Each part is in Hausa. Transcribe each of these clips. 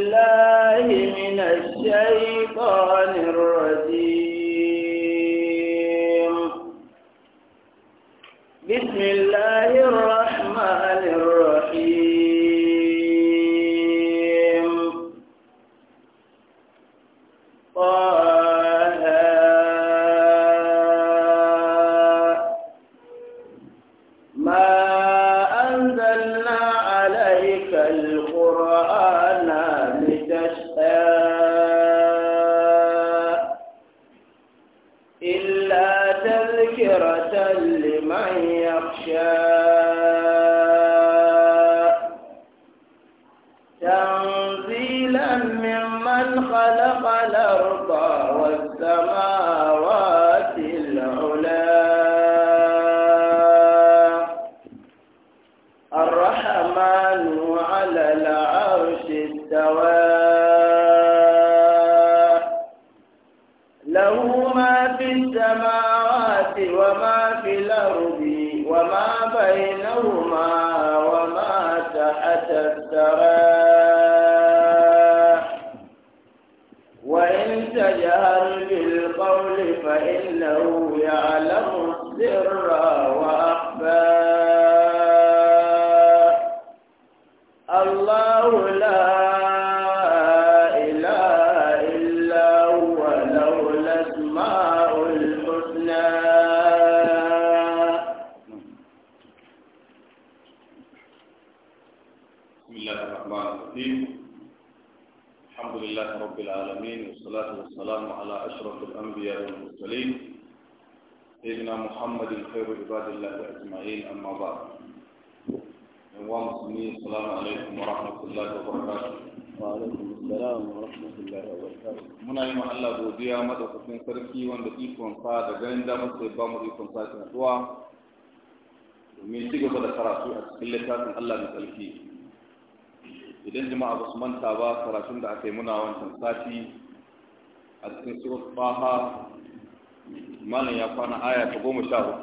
بالله من الشيطان الرجيم بسم الله الدين الحمد لله رب العالمين والصلاة والسلام على أشرف الأنبياء والمرسلين سيدنا محمد خير عباد الله أجمعين أما بعد ومسلمين السلام عليكم ورحمة الله وبركاته وعليكم السلام ورحمة الله وبركاته muna yi Allah godiya madaukakin sarki wanda ikon sa da ganin damar sai ba mu ikon sa ta domin ci gaba da karatu a cikin littafin Allah mai tsarki idan jama'a ba su manta ba karatun da aka yi muna wancan sati a cikin surat baha malam ya kwana aya ta goma sha hudu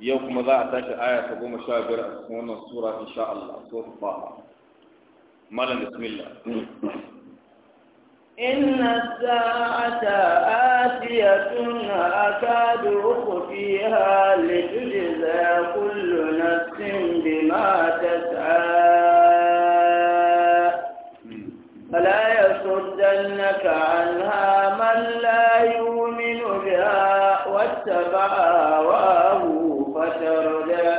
yau kuma za a tashi aya ta goma sha biyar a cikin wannan sura insha Allah surat baha malam bismillah إن الساعة آتية أكاد أخفيها لتجزى كل نفس بما تسعى عنها من لا يؤمن بها واتبع هواه فتردى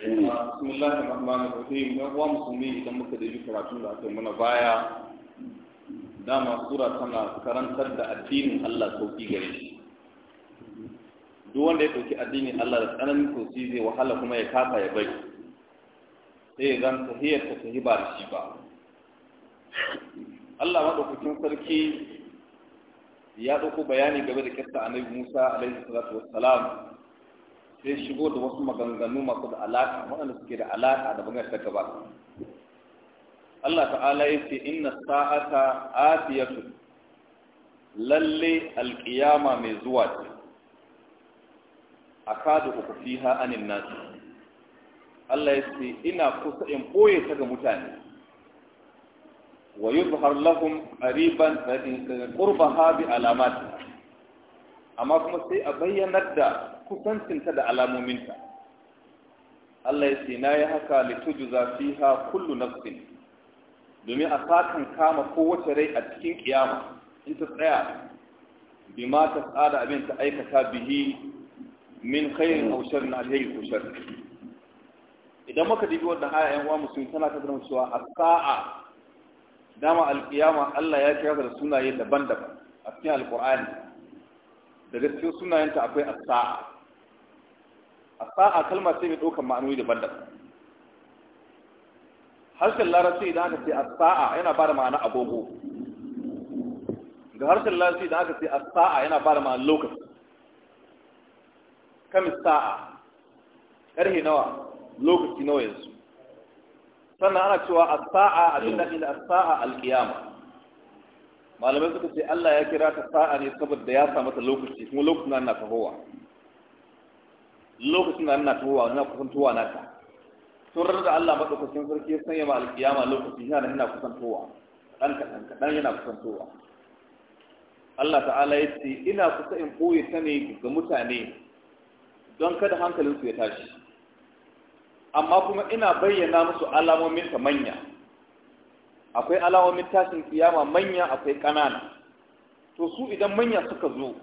بسم الله الرحمن الرحيم يقوى مسلمين إذا مكد يجب رسول الله بايا dama sura tana karantar da addinin Allah sauki gare shi duk wanda ya ɗauki addinin Allah da tsananin sosai zai wahala kuma ya ya sai ya ta ba da shi ba Allah maɗaukakin sarki ya ɗauko bayani game da a annabi Musa alaihi salatu wassalam sai shigo da wasu maganganu masu da alaƙa waɗanda suke da alaƙa da bangar ta gaba Allah ta'ala ya ce inna sa'ata atiyatu lalle alƙiyama mai zuwa ce akadu ukufiha anin nas Allah ya ce ina kusa in boye ta ga mutane wa yuzhar lahum qariban qurbaha bi alamat amma kuma sai a bayyanar da kusancinta da alamominta Allah ya ce na yi haka litujza fiha kullu nafsin domin a sakan kama kowace rai a cikin kiyama in ta tsaya bima tsada abin ta aikata bihi min khairin aw sharrin alheri ko sharri idan muka dibi wannan aya yan uwa musulmi tana ta cewa a sa'a dama alkiyama Allah ya kira da sunaye daban-daban a cikin alkur'ani daga cikin sunayenta akwai as-sa'a kalma ce mai ɗaukar ma'anoni daban-daban harshen larabci idan aka ce as yana ba da ma'ana agogo ga harshen larabci idan aka ce as yana ba da ma'ana lokaci kamis sa'a ƙarhe nawa lokaci nawa yanzu sannan ana cewa as-sa'a abin da ke da as-sa'a al malamai suka ce Allah ya kira ta sa'a ne saboda ya samu ta lokaci kuma lokacin na tahowa lokacin na tahowa na kusantowa na ta turar da Allah madaukakin sarki ya sanya ma al-qiyama lokaci yana yana kusantowa dan kadan kadan yana kusantowa Allah ta'ala ya ce ina kusa in koye ta ne ga mutane don kada hankalinsu ya tashi amma kuma ina bayyana musu alamomin ta manya akwai alamomin tashin kiyama manya akwai ƙanana to su idan manya suka zo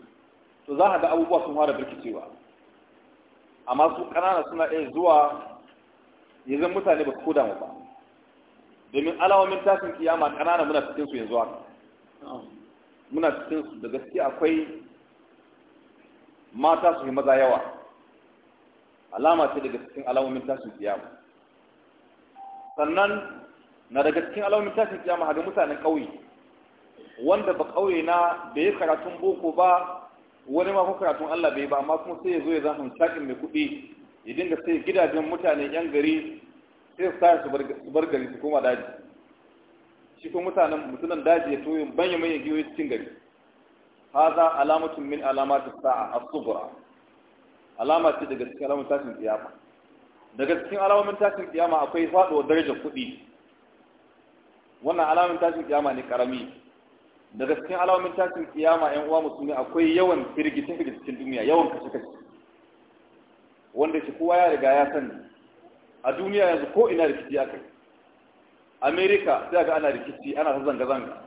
to za a ga abubuwa sun fara birkicewa amma su ƙanana suna iya zuwa yanzu mutane ba su koda mu ba domin alamomin tashin kiyama ƙanana muna cikin su yanzu haka muna cikin su da gaske akwai mata su yi maza yawa alama ce daga cikin alamomin tashin kiyama sannan na daga cikin alamomin tashin kiyama haga mutanen ƙauye wanda ba ƙauye na bai karatun boko ba wani ma ko karatun Allah bai ba amma kuma sai ya zo ya zama shakin mai kuɗi idan da sai gidajen mutane yan gari sai su tashi su bar gari su koma daji shi ko mutanen mutunan daji ya toyo banya mai giyoyi cikin gari haza alamatun min alamatu sa'a as-sughra alama ce daga cikin alamun tashin kiyama daga cikin alamomin tashin kiyama akwai faɗuwar darajar kuɗi wannan alamun tashin kiyama ne karami daga cikin alamomin tashin kiyama ƴan uwa musulmi akwai yawan firgice firgice cikin duniya yawan kashe kashe wanda shi kowa ya riga ya sani a duniya yanzu ko ina rikici akai america sai ga ana rikici ana ta zanga zanga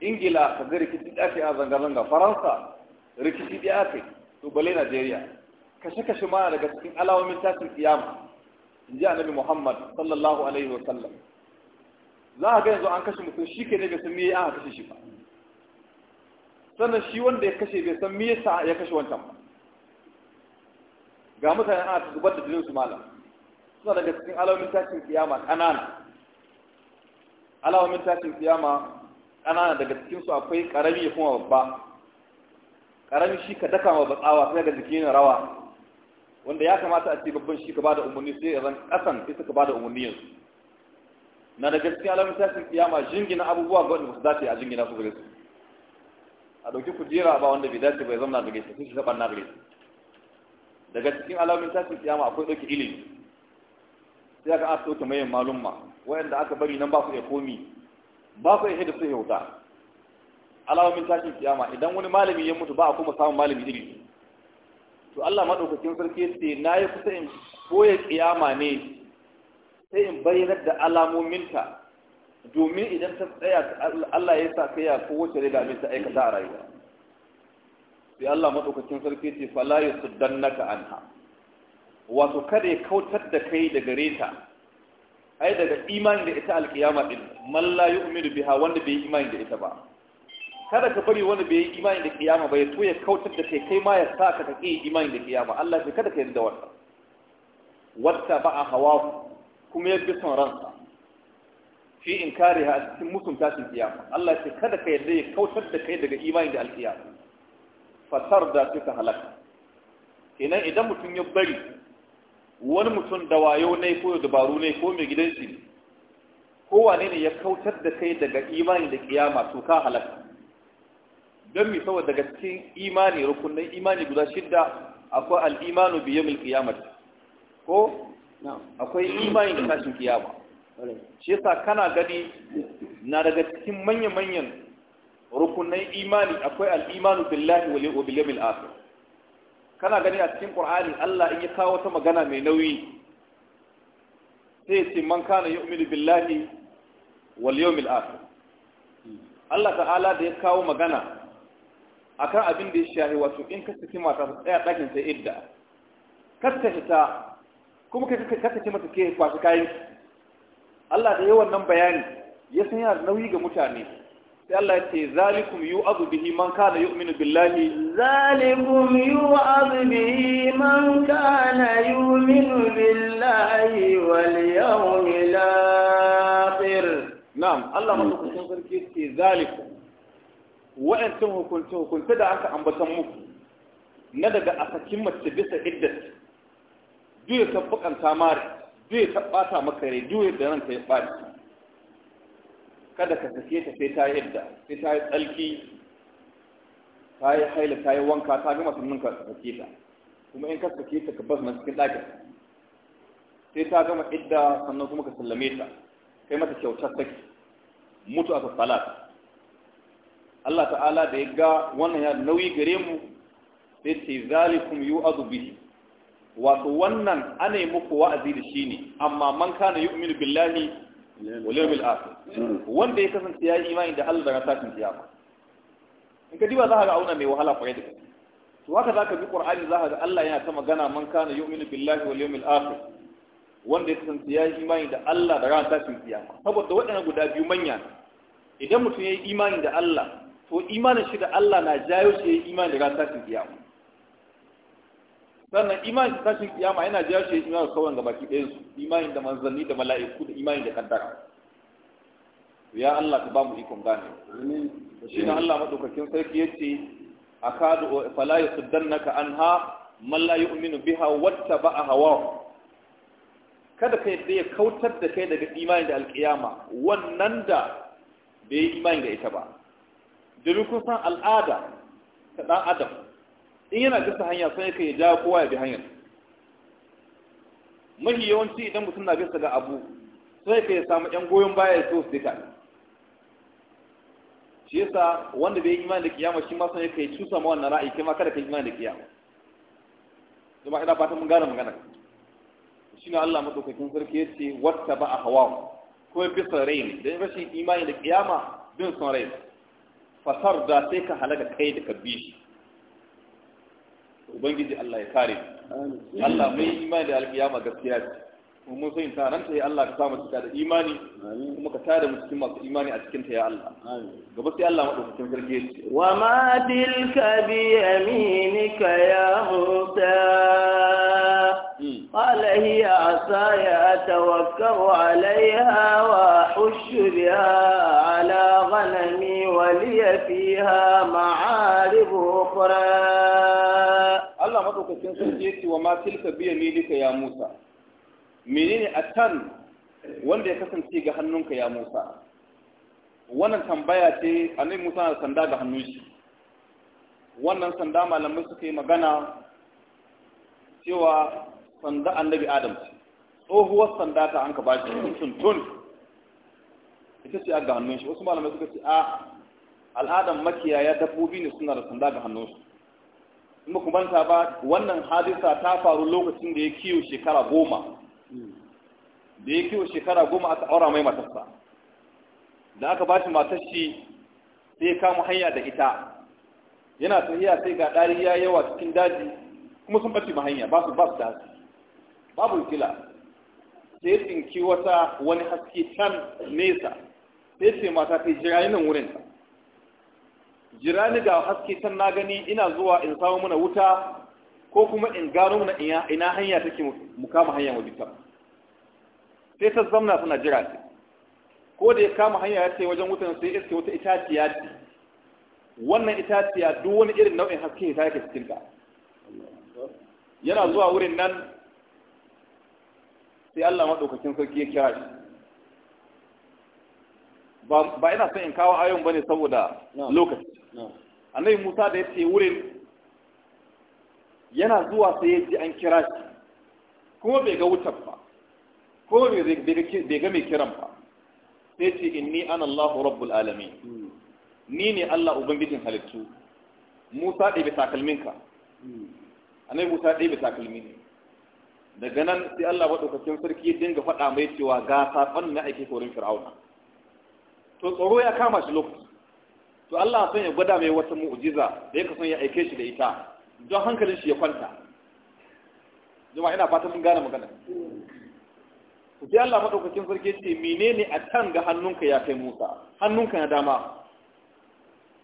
ingila ka ga rikici da ake a zanga zanga faransa rikici da ake Tubale Najeriya kashe-kashe ma daga cikin alawomin tashin kiyama in ji annabi Muhammad sallallahu alaihi wa sallam za a ga yanzu an kashe mutum shi ke ne bai san me an kashe shi ba sannan shi wanda ya kashe bai san me yasa ya kashe wancan ba ga mutane ana zubar da jinin su malam suna daga cikin alawomin tashin kiyama ƙanana alawomin tashin kiyama ƙanana daga cikin su akwai ƙarami ya kuma babba karami shi ka daka ma batsawa sai ga jikin rawa wanda ya kamata a ce babban shi ka bada umarni sai ran kasan sai suka bada umarni yanzu na da gaskiya alamun tashin kiyama jingina abubuwa ga wanda su dace a jingina su gare su a dauki kujera ba wanda bai dace bai zama da shi sun shiga banna gare su daga cikin alamun tashin kiyama akwai dauki ilimi sai aka aka dauke mayan malumma wayanda aka bari nan ba su iya komi ba su iya hidda su hauta alamomin tashin kiyama idan wani malami ya mutu ba a kuma samun malami iri to Allah madaukakin sarki ce na yi kusa in koya kiyama ne sai in bayyanar da alamominta domin idan ta tsaya Allah ya sa kai ya kowace da abin ta aikata a rayuwa sai Allah madaukakin sarki ce fala yusaddannaka anha wato kada ya kautar da kai daga reta ai daga imani da ita alkiyama din mallayu la biha wanda bai imani da ita ba kada ka bari wani bai yi imani da kiyama ba ya so ya kautar da kai kai ma ya sa ka kake imani da kiyama Allah ya kada ka yarda wannan wata ba a hawa kuma ya bi son ransa fi in kare ha cikin mutunta tashin kiyama Allah ya kada ka yarda ya kautar da kai daga imani da alkiyama fatar da ka halaka kenan idan mutum ya bari wani mutum da wayo ne ko dabaru ne ko mai gidan shi kowane ne ya kautar da kai daga imani da kiyama to ka halaka don mi saboda daga cikin imani rukunin imani guda shidda akwai al'imanu biyu mil kiyamar ko akwai imani da tashin kiyama shi yasa kana gani na daga cikin manya-manyan rukunin imani akwai al'imanu billahi wa bil yawmil akhir kana gani a cikin qur'ani Allah in ya kawo wata magana mai nauyi sai ya ce man kana yi billahi wal yawmil akhir hmm. Allah ta'ala da ya kawo magana akan abin da ya shahi wato in ka saki mata ta tsaya ɗakin ta idda kar ta fita kuma ka kar ta mata ke kwashi kayan Allah da yi wannan bayani ya san yana nauyi ga mutane sai Allah ya ce zalikum yu'adhu bihi man kana yu'minu billahi zalikum yu'adhu bihi man kana yu'minu billahi wal yawmil akhir na'am Allah madaukakin sarki ce zalikum wa'ancin hukuncin, hukuncin da aka ambatan muku na daga a sakin mace bisa iddat juya tabbakan tamari juya tabbata maka rai juya da ka yi ɓari, kada ka sake ta sai ta yi hidda, sai ta yi tsalki ta yi haila ta yi wanka ta gama sannan ka sake ta kuma in ka sake ta ka bazna cikin ɗakin sai ta gama idda sannan kuma ka sallame ta kai mata kyautar saki mutu a salat Allah ta'ala da ya ga wannan ya nauyi gare mu sai ce zalikum yu'adhu bihi wato wannan ana yi muku wa'azi da shi ne amma man kana yu'minu billahi wal yawmil akhir wanda ya kasance ya yi imani da Allah daga tashin kiyama in ka diba za ka ga auna mai wahala kwarai da gaske to haka ka bi qur'ani zaka ga Allah yana ta magana man kana yu'minu billahi wal yawmil akhir wanda ya kasance ya yi imani da Allah da ranar tashin kiyama saboda waɗannan guda biyu manya idan mutum ya yi imani da Allah to imanin shi da Allah na jayo shi ya yi iman da tashin kiyama sannan imanin da tashin kiyama yana jayo shi ya yi iman da sauran gabaki ɗayan su imanin da manzanni da mala'iku da imanin da kaddara ya Allah ka ba mu ikon gane shi na Allah maɗaukakin sarki yace akadu fala naka anha ha mallayi uminu biha wata ba a hawa?" kada ka yadda ya kautar da kai daga imanin da alkiyama wannan da bai yi imanin da ita ba domin kun san al'ada ta ɗan adam in yana bisa hanya sai yake ya jawo kowa ya bi hanyar mahi yawanci idan mutum na bisa ga abu sai ka ya samu ƴan goyon baya ya so su dika shi yasa wanda bai yi imani da kiyama shi ma sai ka yi cusa ma wannan ra'ayi kai ma kada ka yi imani da kiyama kuma ina fatan mun gane magana shi ne Allah madaukakin sarki ya ce wata ba a hawa kuma bisa rai ne don rashin imani da kiyama bin son rai ne fasar da sai ka halaka kai da ka bi shi ubangiji Allah ya kare Allah mai imani da alƙiyama gaskiya ce kuma mun so ta nan ya Allah ka samu mu cika da imani kuma ka tare mu cikin masu imani a cikin ta ya Allah gaba sai Allah madaukakin sarki yace wa ma tilka bi yaminika ya Musa hmm. qala hiya asaya atawakkalu alaiha wa ahushu biha ala ghanami wa liya fiha ma'arib ukhra Allah madaukakin sarki yace wa ma tilka bi yaminika ya Musa menene atan wanda ya kasance ga hannunka ya Musa wannan tambaya ce annabi Musa na sanda ga hannun shi wannan sanda malamai suka yi magana cewa sanda annabi Adam ce tsohuwar sanda ta an ka bashi tun ita ce ga hannun shi wasu malamai suka ce a al'adan makiyaya dabbobi ne suna da sanda ga hannun shi in kuma ba wannan hadisa ta faru lokacin da ya kiyo shekara goma da ya kiwo shekara goma aka aura mai matarsa da aka ba shi matar shi sai ya kama hanya da ita yana tafiya sai ga ɗari ya yawa cikin daji kuma sun ɓace hanya ba su ba su daji babu kila sai tsinki wata wani haske can nesa sai ce mata kai jirani nan wurin jira ni ga haske can na gani ina zuwa in samu mana wuta ko kuma in gano mana ina hanya take mu kama hanya wajen ta sai ta zamna suna jira ce ko da ya kama hanya ya ce wajen wutan sai iske wata itaciya ce wannan itaciya duk wani irin nau'in haske ta yake cikin ta yana zuwa wurin nan sai Allah maɗaukakin sarki ya kira shi ba ina son in kawo ayon bane saboda lokaci annabi Musa da ya ce wurin yana zuwa sai ya ji an kira shi kuma bai ga wutar ba ko bai ga mai kiran ba sai ce inni an Allahu rabbul alamin ni ne Allah ubangijin halittu Musa ɗebe takalminka annabi Musa ɗebe takalmi ne daga nan sai Allah maɗaukakin sarki ya dinga faɗa mai cewa ga saƙon na aiki korin fir'auna to tsoro ya kama shi lokaci to Allah san ya gwada mai wata mu'jiza da ya kasan ya aike shi da ita don hankalin shi ya kwanta zuma ina fata mun gane magana Ku sai Allah madaukakin sarki ce menene a can ga hannunka ya kai Musa hannunka na dama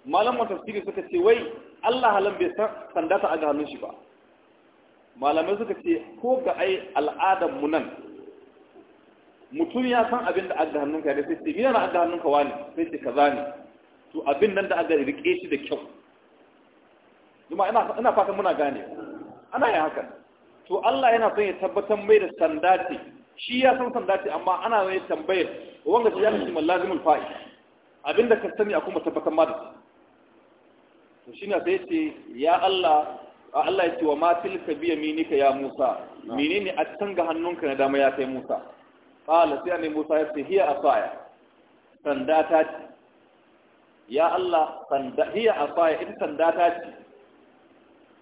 malam tafsiri suka ce wai Allah halan bai san sanda ta ga hannun shi ba malamai suka ce ko ga ai al'adar mu nan mutum ya san abin da aga hannunka ne sai ce mina na aga hannunka wani sai ce kaza ne to abin nan da aga rike shi da kyau juma ina fatan muna gane ana yin hakan. to Allah yana son ya tabbatar mai da sanda ce shi ya san sanda ce amma ana mai tambayar wanga shi ya nufi mallazimul fa'i abinda ka sani a kuma tabbatar ma da shi to shine sai ya ce ya Allah Allah ya ce wa ma tilka bi yaminika ya Musa menene a can ga hannunka na dama ya kai Musa qala sai annabi Musa ya ce hiya asaya sanda ta ce ya Allah sanda hiya asaya in sanda ta ce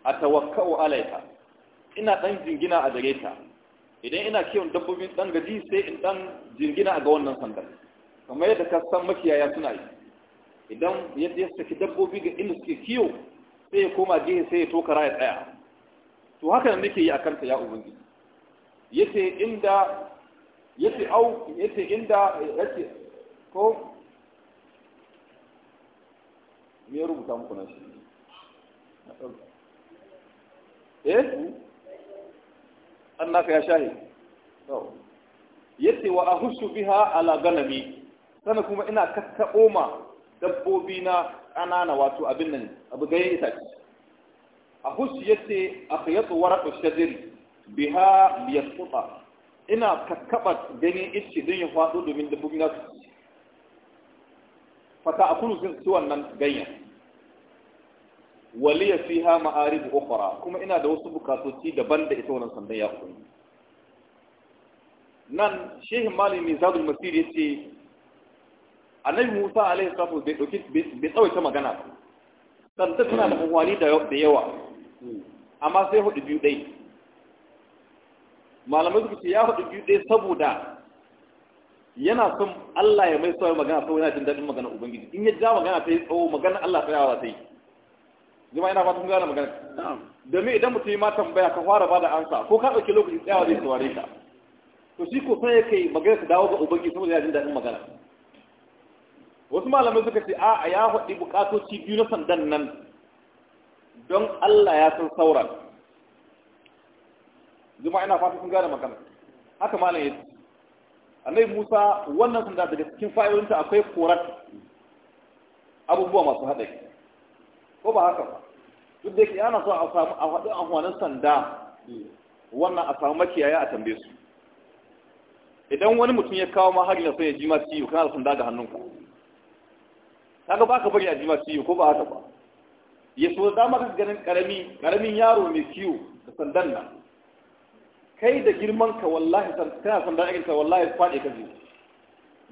a tawakka'u alaika ina ɗan jingina a gare ta idan ina kiwon dabbobin ɗan gaji sai in ɗan jingina ga wannan sandar kamar yadda ka san makiyaya suna yi idan yadda ya saki dabbobi ga inda suke kiyo sai ya koma gehe sai ya toka raya tsaya to haka ne nake yi a kanta ya ubangi. yace inda yace au yace inda yace ko me rubuta muku na shi eh an naka ya shahi yace wa ahushu biha ala ganami sana kuma ina kakkaɓo ma dabbobi na ƙanana wato abin nan abu gayen a hushu yace akhyatu waraqu shadir biha liyasquta ina kakabar ganyen ice don ya faɗo domin dabbobi na su fata akulu sun ci wannan ganyen waliya fiha ma'arib ukhra kuma ina da wasu bukatoci daban da ita wannan sandan ya koyi nan shehin malami zadul masir yace annabi Musa alaihi salatu bai dauki bai tsawaita magana ba sanda tana da wani da yawa amma sai hudu biyu dai malamai suka ce ya hudu biyu dai saboda yana son Allah ya mai tsawo magana saboda yana jin daɗin magana ubangiji in ya ja magana ta yi tsawo magana Allah ta yawa ta yi jama'a ina fatan gane magana domin idan mutum ya ma tambaya ka fara ba da ansa ko ka ɗauki lokaci tsayawa zai saurare ka to shi ko sai kai magana ta dawo ga ubangi saboda ya jin daɗin magana wasu malamai suka ce a ya faɗi buƙatoci biyu na sandan nan don Allah ya san sauran jama'a ina fatan sun gane magana haka malam ya ce annabi Musa wannan sanda daga cikin fa'ilinta akwai korat abubuwa masu haɗari ko ba haka ba duk da yake ana so a samu a haɗu amfanin sanda wannan a samu makiyaya a tambaye su idan wani mutum ya kawo ma hari na sai ya ji ma ciwo kana da sanda ga hannunka kaga ba ka bari a ji ma ciwo ko ba haka ba ya so da maka ganin karami karamin yaro mai ciwo da sandan nan kai da girman ka wallahi kana sanda irin ka wallahi faɗi ka ji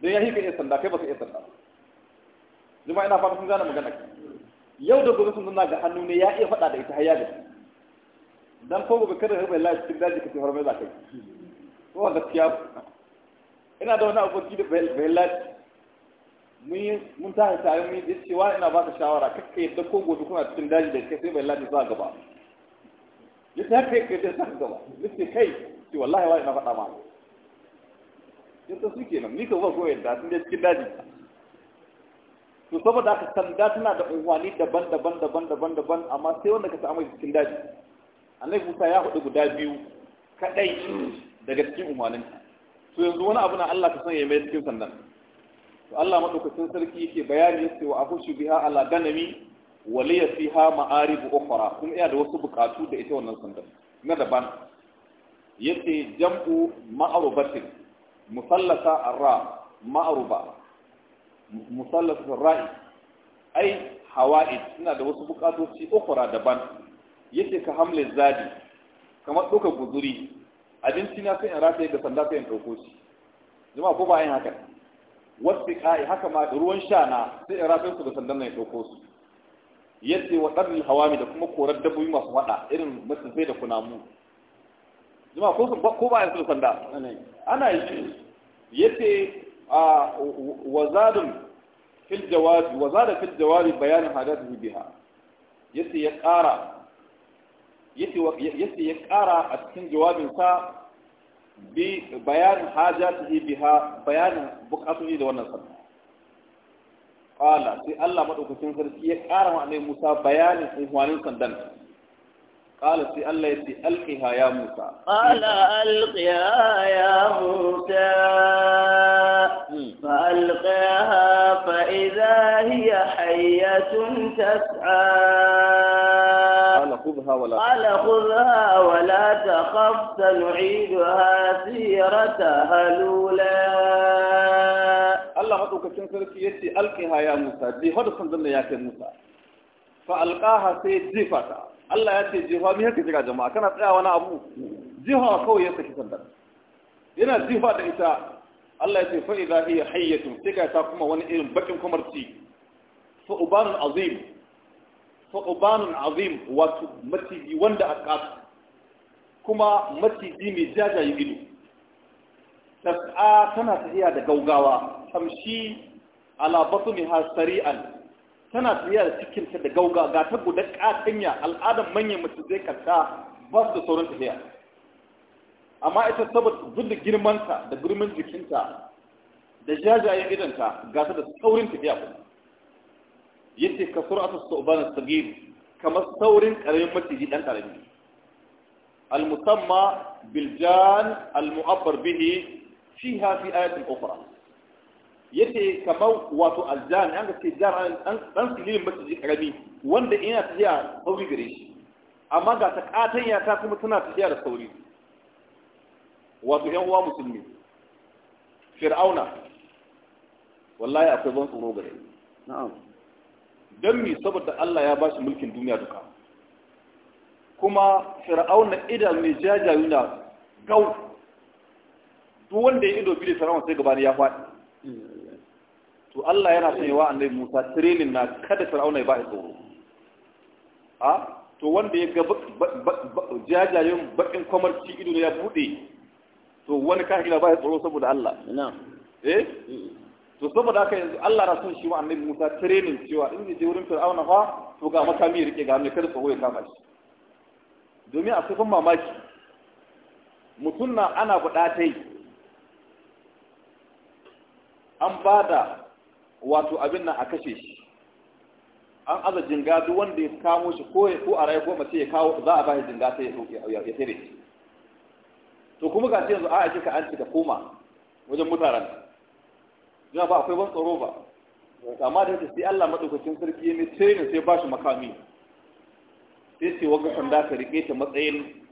don ya hika iya sanda kai ba ka iya sanda zuma ina fata sun gane magana yau da gobe sun zama ga hannu ne ya iya faɗa da ita har ya gaji dan ko gobe kada rubai lafiya cikin daji ka tafar mai zakai ko wanda gaskiya ina da wani aboki da bai lafiya mun yi mun tashi tare mun yi cewa ina baka shawara kakka yadda ko gobe kuna cikin daji da kai sai bai lafiya zuwa gaba yace ta kai da sa gaba yace kai ce wallahi wani na faɗa ma yace su kenan ni ka ba ko yadda sun je cikin daji to saboda haka sanda tana da unguwanni daban daban daban daban daban amma sai wanda ka samu cikin daji annabi Musa ya hudu guda biyu kadai daga cikin unguwannin to yanzu wani abu na Allah ka sanya mai cikin sandan to Allah madaukakin sarki yake bayani yace wa ahushu biha ala ganami wa li fiha ma'arib ukhra kuma iya da wasu bukatu da ita wannan sandan na daban yace jam'u ma'rubatin musallasa arra ma'ruba musallatul ra'i ai hawa'id suna da wasu bukatoci ukura daban yace ka hamle zadi kamar duka guzuri abinci na sai in rataye da sanda sai in dauko shi jama'a ko ba yin haka wasu kai haka ma da ruwan sha na sai in rataye su da sandan na in dauko su yace wa darni hawami da kuma korar dabbobi masu wada irin sai da kunamu jama'a ko ba yin su da sanda ana yi yace wazadun fil jawabi wazada fil jawabi bayanin hadathu biha yace ya ƙara a cikin jawabinsa bi bayanin hajatihi biha bayanin bukatun da wannan sallah qala sai Allah madaukakin sarki ya ƙara wa annabi bayanin ihwanin sandan qala sai Allah ya ce alqiha Musa qala خذها ولا تخف سنعيدها سيرتها الأولى الله هدوك تنكرك يتي ألقها يا موسى دي هذا سندن يا موسى فألقاها في جفتا الله يأتي جفا مي هكي جا جماعة كان يا وانا أبو جفا كو يتكي سندن هنا جفا دا إتا الله يأتي فإذا هي حية تكا تاكما وانا إلم بكم كمرتي فأبان عظيم fa'ubanun azim wato maciji wanda a ƙasa kuma maciji mai jajaye ido tas'a tana tafiya da gaugawa tamshi alabatu mai hasari tana tafiya da cikinta da gaugawa, ga ta guda ƙasanya al'adar manyan mace zai karta ba su da sauran tafiya amma ita saboda duk da girmanta da girman jikinta da jajayen idanta ga ta da saurin tafiya kuma yace ka sur'atu su'ban as-sagir kamar saurin karamin maciji dan karami al-musamma bil jan al-mu'abbar bihi fiha fi ayatin ukhra yace kamar wato al-jan an ga ce jan an dan silin maciji karami wanda ina tafiya sauri gare shi amma ga ta katanya ta kuma tana tafiya da sauri wato yan uwa musulmi fir'auna wallahi akwai ban tsoro gare na'am don mi saboda Allah ya ba shi mulkin duniya duka kuma fir'auna idan mai jajayu na gau duk wanda ya ido bile da sai gabani ya faɗi to Allah yana son wa annabi Musa training na kada fir'auna ya ba shi tsoro a to wanda ya ga jajayen bakin kwamarci ido ya bude to wani kashi ya ba shi tsoro saboda Allah eh to saboda haka yanzu Allah na son shi wa annabi Musa training cewa in zai je wurin Fir'auna fa to ga makami ya rike ga mai kada tsoro ya kama shi domin a cikin mamaki mutum na ana tai an ba da wato abin nan a kashe shi an aza jinga duk wanda ya kamo shi ko ya ko a rai ko mace ya kawo za a ba shi jinga sai ya ya tare to kuma ga yanzu a ake ka an ci ka koma wajen mutanen yana ba akwai ban tsoro ba amma da yadda sai Allah madaukakin sarki ne tsaye ne sai ba shi makami sai sai wagga sanda ka rike ta matsayin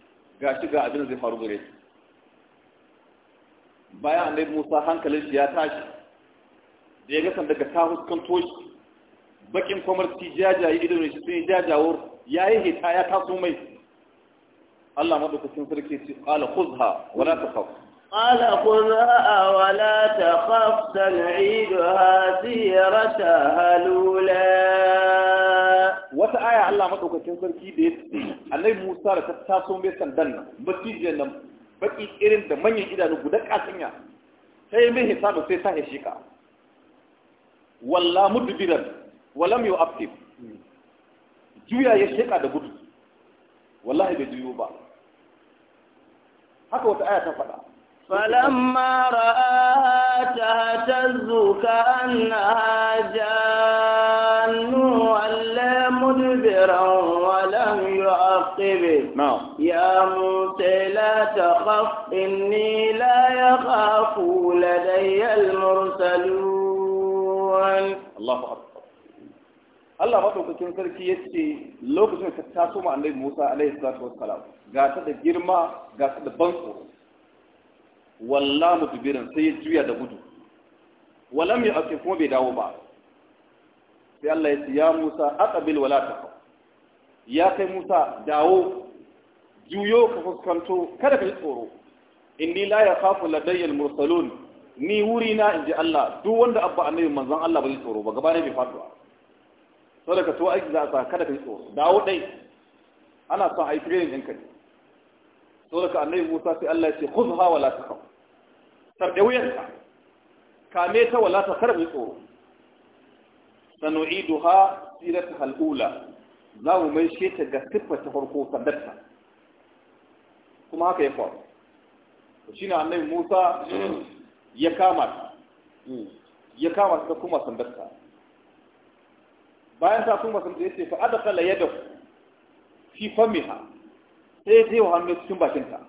gashi ga abin da zai faru gare shi bayan annabi Musa hankalin shi ya tashi da ya ga sanda ka ta huskanto shi bakin kwamarci jajaye idanu shi sun yi jajawar ya yi hita ya taso mai Allah maɗaukacin sarki ce ƙala khuzha wala takhaf قال خذها ولا تخف سنعيدها سيرتها الأولى wata aya Allah madaukakin sarki da ya tsaye Annabi Musa da ta taso mai sandan nan bakijin nan baki irin da manyan idanu guda kasinya sai mai hisabu sai ta hishe ka walla mudbiran walam yu'aqib juya ya sheka da gudu wallahi bai juyo ba haka wata aya ta faɗa فلما رآها تهتز كأنها جان ولا مدبرا ولم يعقب نعم يا موسى لا تخف إني لا يخاف لدي المرسلون الله أكبر Allah maɗaukakin sarki ya ce lokacin da ta taso ma annabi Musa alaihi salatu wassalam ga ta da girma ga ta da ban tsoro walla mudbirin sai ya juya da gudu walam ya ake kuma bai dawo ba sai Allah ya ce ya Musa aqbil wala taqaw ya kai Musa dawo juyo ka fuskanto kada ka yi tsoro inni la yakhafu ladayya al-mursalun ni wuri na inji Allah duk wanda abba annabi manzon Allah bai tsoro ba gaba ne bai faduwa saboda ka to aiki za a sa kada ka yi tsoro dawo dai ana son a yi training ɗinka ne saboda ka annabi Musa sai Allah ya ce khudha wala taqaw sarda wuyanka kame ta wala ta karbi tsoro sanu'iduha sirata hal'ula za mu mai she ta ga siffar ta farko sandarta. kuma haka ya faru shi ne annabi musa ya kama hmm. ya kama ta kuma sandarta bayan ta kuma sandarta ya ce fa adakala yadahu fi famiha sai ya je wa hannu cikin bakinta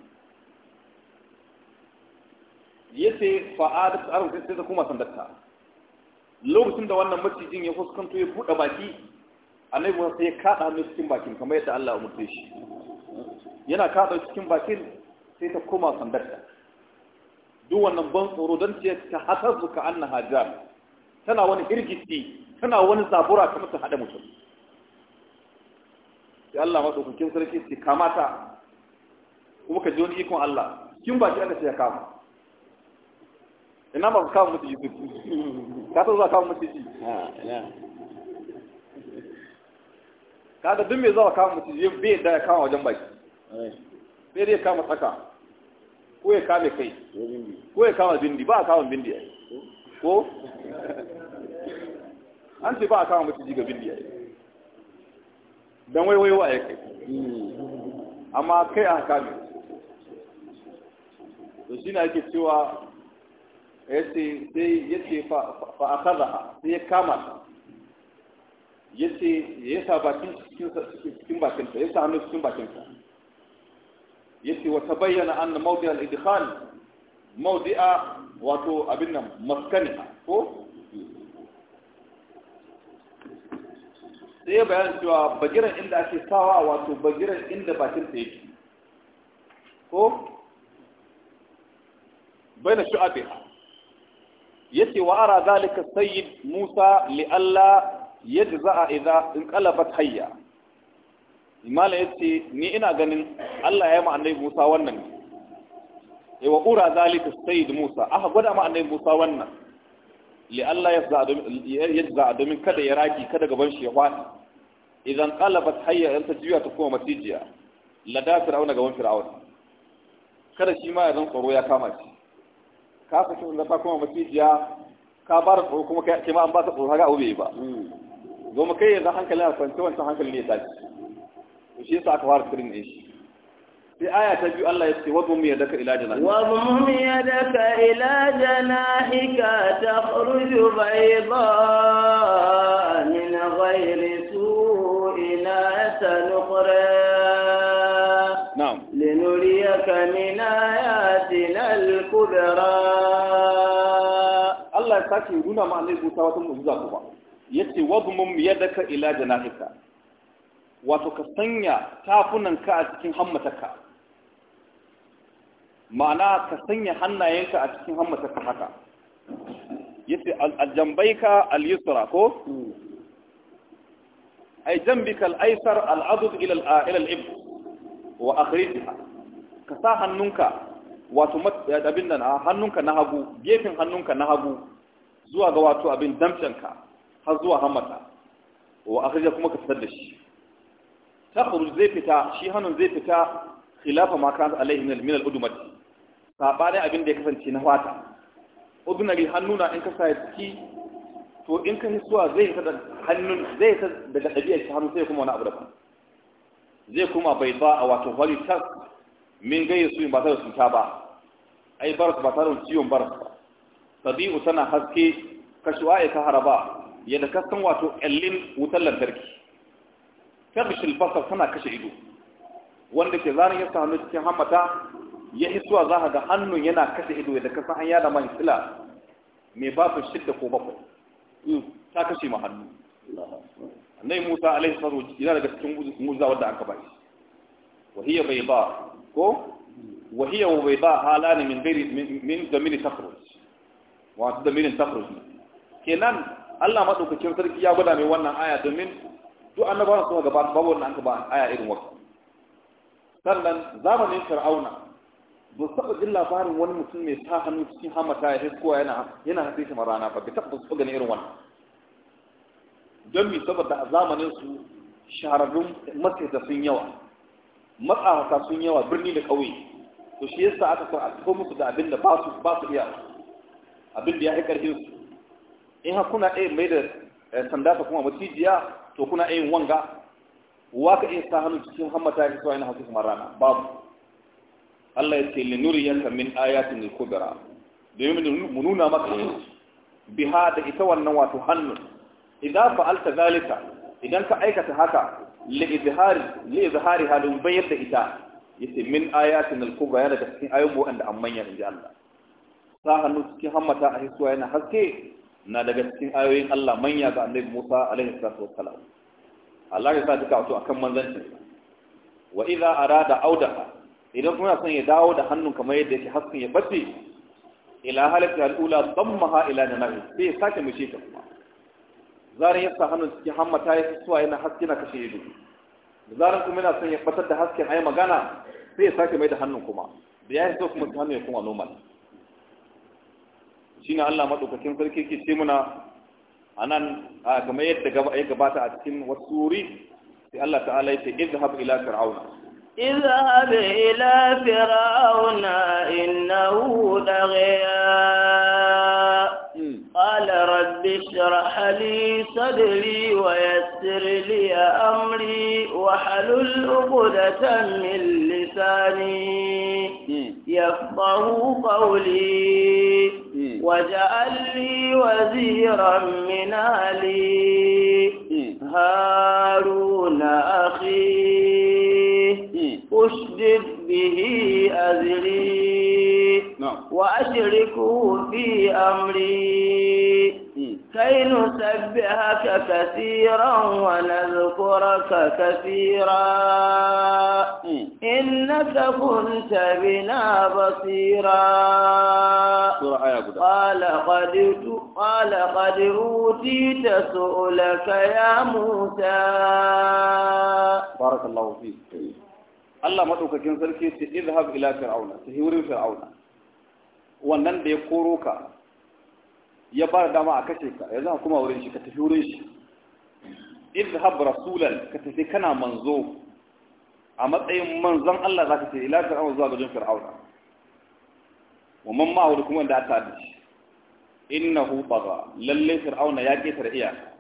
yace fa'adat arhu sai sai kuma sandarta lokacin da wannan macijin ya fuskanto ya buɗe baki annabi Musa sai ya kada hannu cikin bakin kamar yadda Allah ya umurce shi yana kada cikin bakin sai ta koma sandarta duk wannan ban tsoro dan ce ta hasazu ka anna hajar tana wani irgiti tana wani zabura kamar ta hada mutum sai Allah madaukakin sarki ce kamata kuma ka ji wani ikon Allah kin baki aka ce ya kama ina ba kawo mutu yusuf ka ta zuwa kawo mutu ji ka duk mai zuwa kawo mutu ji bai da ya kawo wajen baki sai dai kama tsaka ko ya kame kai ko ya kama bindi ba a kama bindi ko an ce ba a kawo mutu ji ga bindi don waiwaiwa ya kai hmm. amma kai a kame to shi na yake cewa yace sai yace fa akhadha sai ya kama ta yace ya sa bakin cikin bakin ta ya sa hannu cikin bakin ta yace wa tabayyana anna mawdi' al-idkhal mawdi'a wato abin nan maskani ko sai ya bayan cewa bagiran inda ake sawa wato bagiran inda bakin ta yake ko bai na shu'abiha yace wa ara zalika sayyid Musa li Allah yajza'a idza inqalabat hayya imala yace ni ina ganin Allah ya yi ma annabi Musa wannan ne wa ura zalika sayyid Musa aka gwada ma annabi Musa wannan li Allah yajza'a domin kada ya raki kada gaban shi ya fadi idan qalabat hayya yan ta juya ta koma matijiya lada fir'auna gaban fir'auna kada shi ma ya zan tsoro ya kama shi ka saki sun zafa kuma macijiya ka ba da kuma kai ce ma an ba ta tsoro haka abu ba zo hmm. mu kai yanzu hankalin a kwance wancan hankali ne tashi to shi yasa aka fara tsirin din shi sai aya ta biyu Allah ya ce wadda mu yadaka ila jana wadda mu yadaka ila janahika takhruju bayda min ghairi su'in sanuqra لك من آياتنا الكبرى الله يساكي يقولنا ما عليه بوتا وتمعجزة كبا يتي وضمم يدك إلى جناحك وتكسنيا تافنن كأتكين همتك معنى كسنيا حنينك أتكين همتك حكا يتي الجنبيك اليسرى كو أي جنبك الأيسر العضد إلى الإبن وأخرجها ka sa hannunka wato abin da hannunka na hagu gefen hannunka na hagu zuwa ga wato abin damshenka har zuwa hammata wa akhirja kuma ka fitar da shi Ta takhruj zai fita shi hannun zai fita khilafa ma kana alaihi min al-udumati sabanin abin da ya kasance na fata udunari hannuna in ka sa ciki to in ka hisuwa zai ta hannun zai ta daga ɗabi'ar shi hannu sai kuma wani abu daban zai kuma bai ba a wato wani tas min gaya su ba tare da cuta ba ai baras ba tare da ciwon baras ba tabi'u tana haske ka shu'a'i ka haraba yadda ka san wato ƙyallin wutar lantarki tabishil basar tana kashe ido wanda ke zanen ya hannu cikin hammata ya hisuwa za ka ga hannun yana kashe ido yadda ka san an yada man sila mai su shidda ko bakwai ta kashe ma hannu annai musa alaihi salatu yana daga cikin muzawar wadda aka bashi وهي بيضاء كو وهي وبيضاء حالان من غير من ضمير تخرج وضمير تخرج kenan Allah madaukakin sarki ya gwada mai wannan aya domin duk annabawan suka gaba babu wannan aka ba aya irin wannan sannan zamanin fir'auna ba su taɓa jin labarin wani mutum mai sa hannu cikin hamata ya hiskowa yana yana hatsi shi marana ba bai taɓa su gani irin wannan don mi saboda a zamanin su shahararrun matsaita sun yawa matsawata sun yawa birni da ƙauye to shi yasa aka san a tafi musu da abin da ba su ba su iya abin da ya haƙar su in har kuna ɗaya mai da eh, sanda ta kuma matijiya to kuna ɗaya wanga wa ka iya sa hannu cikin hammata ya suwa ina hasu kuma rana babu Allah ya ce nuri yanka min ayatin kubra domin mu nuna maka biha da ita wannan wato hannu. idan fa'alta zalika idan ka aikata haka li'izhari halin bayar da ita ya yace min ayatin al-kubra yana daga cikin ayoyi wanda an manya inji Allah sa hannu cikin hammata a hisuwa yana haske na daga cikin ayoyin Allah manya ga Annabi Musa alaihi salatu wassalam Allah ya sa duka wato akan manzancin wa idza arada auda idan kuma son ya dawo da hannun kamar yadda yake hasken ya bace ila halaka al-ula dammaha ila nanabi sai sake mishi ta kuma Zarin ya sa hannun cikin ta ta yi suwa yana haske na kashe ido da zarar kuma yana son ya batar da hasken a yi magana sai ya sake mai da hannun kuma da ya yi so kuma hannun ya kuma normal shi ne allah maɗaukakin sarki ke ce muna a nan kamar yadda ya gabata a cikin wasu wuri sai allah ta'ala ya ce izhab ila fir'auna اذهب ila fir'auna innahu لغيان قال رب اشرح لي صدري ويسر لي أمري وحلل عقدة من لساني يفقه قولي واجعل لي وزيرا من أهلي هارون أخي أشدد به أذري نعم. وأشركه في أمري كي نسبحك كثيرا ونذكرك كثيرا إنك كنت بنا بصيرا آية قال قد قال قد أوتيت سؤلك يا موسى بارك الله فيك Allah madaukakin sarki ce izhab ila fir'auna tafi wurin fir'auna wannan da ya koro ka ya ba da dama a kashe ka yanzu ka kuma wurin shi ka tafi wurin shi izhab rasulan ka tafi kana manzo a matsayin manzon Allah ka ce ila fir'auna zuwa gajin fir'auna wa man ma'ahu kuma da ta da shi innahu tagha lalle fir'auna ya ketare iyaka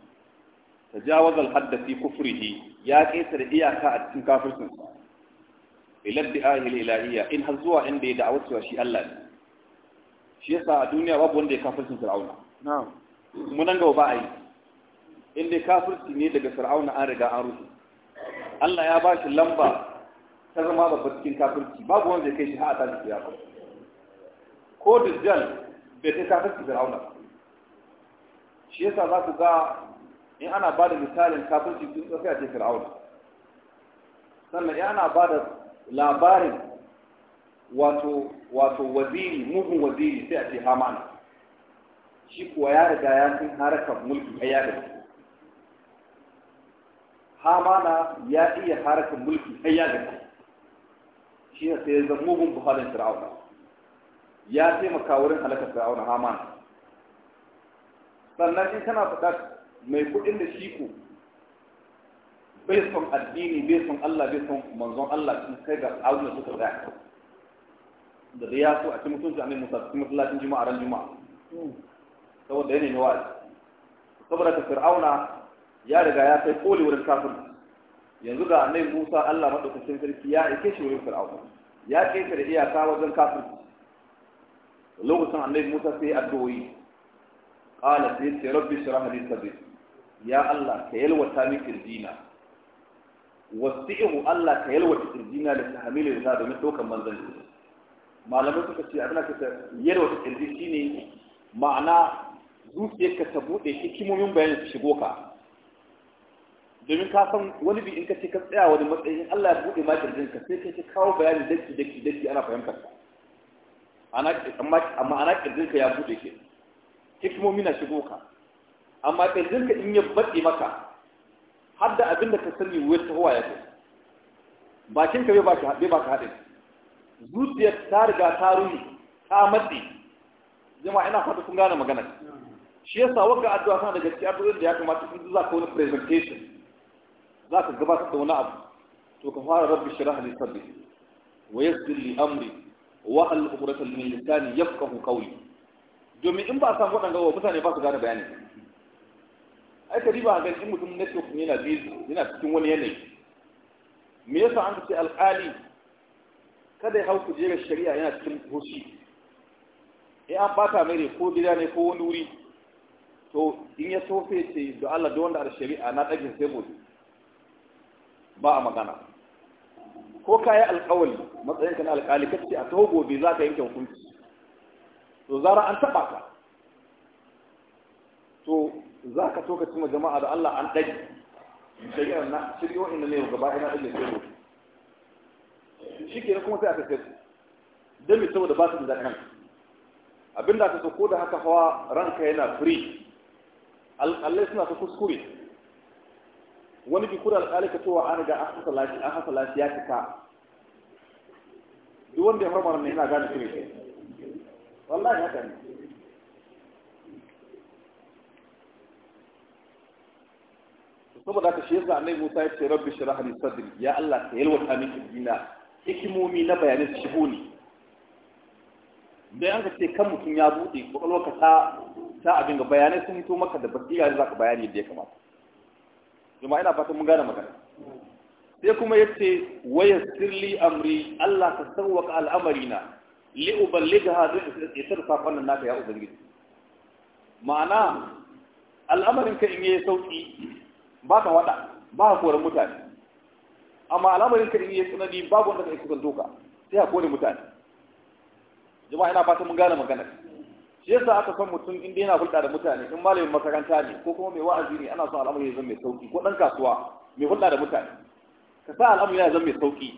tajawaza al-hadda fi kufrihi ya ketare iyaka a cikin kafircinsa ilad da ahil ilahiyya in har zuwa inda ya da'awar cewa shi Allah ne shi yasa a duniya babu wanda ya kafirci fir'auna na'am mu nan gaba ba a yi inda kafirci ne daga fir'auna an riga an rufe Allah ya ba shi lamba ta zama babba cikin kafirci babu wanda ya kai shi ha'a tashi ya ko dajjal bai kai kafirci fir'auna shi yasa za ku ga in ana ba da misalin kafirci sun tsaya ce fir'auna sannan ya ana ba da labarin wato wato waziri mugun waziri sai a ce haman shi kuwa ya riga ya sun harkar mulki ya da hamana ya iya harkar mulki ya da shi ne sai zan mugun buhalin fir'auna ya taimaka wurin halakar fir'auna hamana sannan shi tana faɗa mai kuɗin da shi ku bai son addini bai son Allah bai son manzon Allah sun kai ga abin suka ga da da ya so a cikin mutunci annabi Musa cikin masallacin juma'a ran juma'a saboda yana ne wa'azi saboda ka fir'auna ya riga ya kai koli wurin kafin yanzu ga annabi Musa Allah madaukakin sarki ya aike shi wurin fir'auna ya kai da iyaka wajen kafin lokacin annabi Musa sai addu'o'i qala sai rabbi shrah li sadri ya Allah ka yalwata min kirjina wasi'u Allah ka yalwata kirjina da tahmili da domin dokan manzanci malamai suka ce abin da ka yalwata kirji shine ma'ana ka ta bude hikimomin bayanin su shigo ka domin ka san wani bi in ka ce ka tsaya wani matsayin Allah ya bude ma kirjin ka sai kai ka kawo bayani daki daki daki ana fahimtar ka ana amma ana kirjin ka ya bude ke hikimomi na shigo ka amma kirjin ka in ya bade maka har da abin da ka sani wuyar tahowa ya kai bakin ka bai baka haɗe. zuciyar ta riga ta runi ta matse jama'a ina fata kun gane magana shi yasa wagga addu'a sana daga cikin abin da ya kamata in za ka wani presentation za ka gabatar da wani abu to ka fara rabbi shirah li sabbi wa yassir li amri wa al uqdatan min lisani yafqahu qawli domin in ba san samu wa mutane ba su gane bayani ai ka riba ga in mutum na cikin yana bizu yana cikin wani yanayi me yasa an ce alƙali kada ya hau kujerar shari'a yana cikin hoshi in an bata mai ne ko gida ne ko wani wuri to in ya sofe sai ce da Allah da shari'a na ɗagin sai mutu ba a magana ko ka yi alƙawali matsayinka na alƙali kace a taho gobe za ka yanke hukunci to zara an taɓa ka to za ka so ka cima jama'a da Allah an ɗari shari'ar na shari'o inda ne gaba ina ɗari sai mutu shi ke kuma sai aka sai don mai saboda ba su da kan da aka so ko da haka hawa ranka yana free Allai suna ta kuskure wani bi kura alƙalai ka cewa an ga an hasa lafiya cika duk wanda ya farmar ne yana gane kire wallahi haka ne saboda haka shi yasa annabi Musa ya ce rabbi shrah li sadri ya Allah ka yalwata min kirjina hikimomi na bayanin shigo ne dan aka ce kan mutum ya bude kwakwalwarka ta ta abin ga bayanai sun hito maka da basira da ka bayani yadda ya kamata kuma ina fatan mun gane magana sai kuma yace waya li amri Allah ka sawwaka al'amarina li uballigha zai isar sakon naka ya ubangiji ma'ana al'amarin ka in yi sauki ba ka wada ba ka koran mutane amma al'amarin ka iya yi tsanani babu wanda kai kusan doka sai ka kore mutane jama'a ina fata mun gane magana shi yasa aka san mutum inda yana hulɗa da mutane in malamin makaranta ne ko kuma mai wa'azi ne ana son al'amari ya zama mai sauki ko dan kasuwa mai hulɗa da mutane ka sa al'amari ya zama mai sauki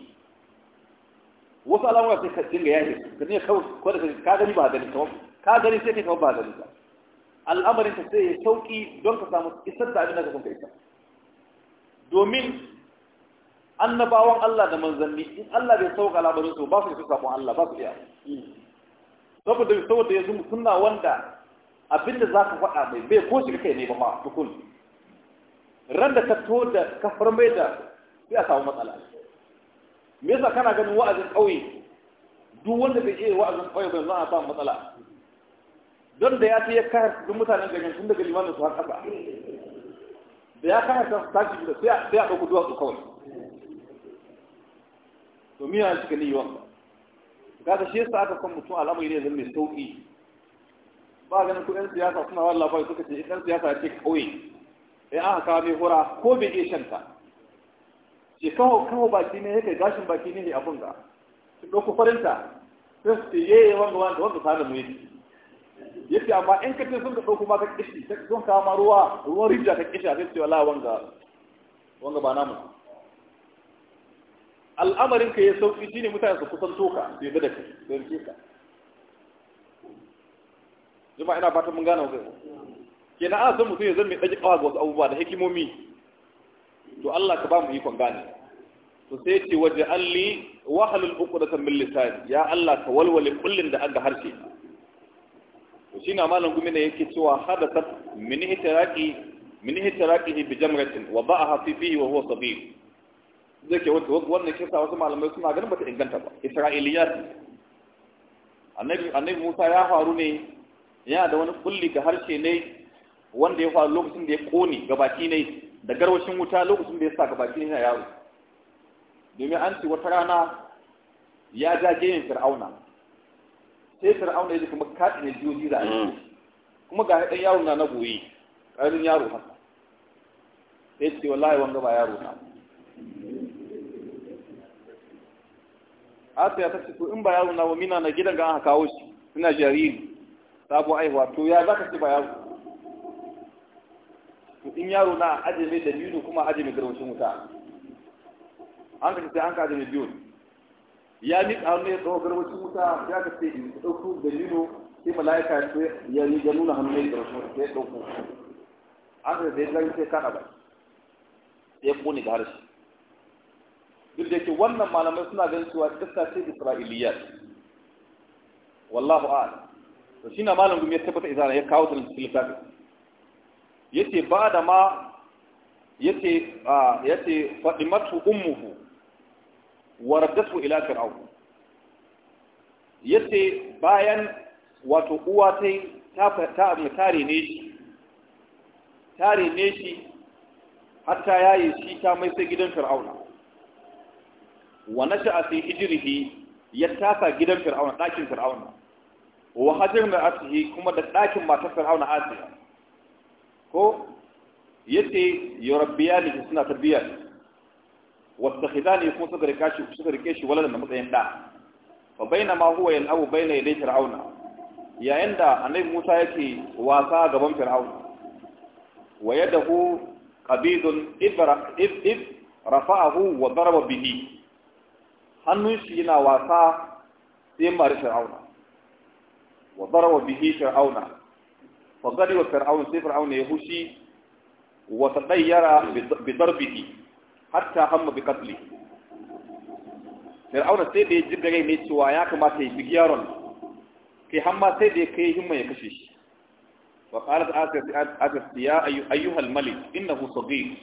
wasu al'amura sai ka dinga yaje ka dinga kawai ko ka gani ba gani kamar ka gani sai kai kamar ba gani ba al'amarin ka sai ya sauki don ka samu isar da abin da ka son ka isar domin annabawan Allah da manzanni in Allah bai sauka labarin su ba su su sabon Allah ba su iya saboda saboda yanzu suna wanda abinda za ka faɗa mai bai ko shi kai ne ba ma tukun ran da ka to da kafar mai da sai a samu matsala me yasa kana ganin wa'azin ƙauye duk wanda bai iya wa'azin ƙauye ba zan a samu matsala don da ya ce ya kayar duk mutanen garin tun daga limanin su har ƙasa da ya kana ta ci da sai a ɗauki duwatsu kawai to miya shi ka liyiwan ba kaga shi yasa aka san mutum al'amari ne zan mai sauƙi ba ganin kuɗin siyasa suna wani labari suka ce idan siyasa ya ce kauye sai eh, aka kawo mai hura ko bai iya shanta ce kawo kawo baki ne yake gashin baki ne a bunga su ɗauko farinta sai su ce yeye eh, wanga wanga wanga sa da mu yake yake amma in ka ce sun ka ɗauku ma ka kishi sun kama ruwa ruwan rija ka kishi sai ce wala wanga wanga ba namu al'amarin ka ya sauki shine mutane su kusan toka su yadda da kai su yarke ka jima ina fatan mun gane wannan ke ana son mutum ya zama mai ɗaji kawa ga wasu abubuwa da hikimomi to Allah ka ba mu ikon gane to sai ce waje alli wahalul da min lisan ya Allah ka walwale kullum da aka harshe to shi na malam gumi ne yake cewa hadathat min mini min ihtiraqi bi jamratin wa ba'aha fi fihi wa huwa sabir zake wannan kisa wasu malamai suna ganin bata inganta ba isra'iliyat annabi annabi Musa ya faru ne yana da wani kulli ga harshe ne wanda ya faru lokacin da ya kone gabaki ne da garwashin wuta lokacin da ya sa gabaki ne yana yaro domin an ci wata rana ya ja gemin fir'auna sai fir'auna ya kuma kaɗi ne biyo jira a mm. kuma ga ɗan yaro na na goyi ƙarin yaro haka sai ce wallahi wanga ba yaro na Asiya ta ce to in ba yaro na wa mina na gidan ga aka kawo shi suna jariri sabo aihuwa to ya ka ce ba yaro to in yaro na ajiye mai dalilu kuma ajiye mai garwacin wuta an ka ce sai an ka ajiye mai biyu ya miƙa hannu ya tsawo garbacin wuta ya ka ce in ɗauko da lilo sai mala'ika ya ya nuna hannun ya tsawo sai ya ɗauko an da zai zai sai kaɗa ba sai ƙone da harshe duk da yake wannan malamai suna ganin cewa iska ce isra'iliyat wallahu a'lam to shine malam gumi ya tabbata izana ya kawo tun cikin Ya ce ba da ma yace ah, yace fadimatu ummuhu waradatu ila fir'aun yace bayan wato uwa ta ta ta tare ne shi tare ne shi hatta yayi shi ta mai sai gidan fir'auna wa nasha fi hijrihi ya tafa gidan fir'auna ɗakin fir'auna wa hajar na kuma da ɗakin matar fir'auna asiya ko yace yarabbiya ne suna tarbiyya wasta khidani ko suka rike shi suka rike shi waladan da matsayin da fa bainama huwa yal'abu baina yaday fir'auna yayin da annabi Musa yake wasa gaban fir'auna wa yadahu qabidun ibra if rafa'ahu wa daraba bihi hannun shi yana wasa sai mari fir'auna wa daraba bihi fir'auna fa gadi wa fir'auna sai fir'auna ya hushi wa tadayyara bi darbihi hatta hamma bi qatli fir'auna sai da ya ji gare ne cewa ya kamata ya bigi yaron kai hamma sai da ya kai himma ya kashe shi wa qalat asas ya al malik innahu saghir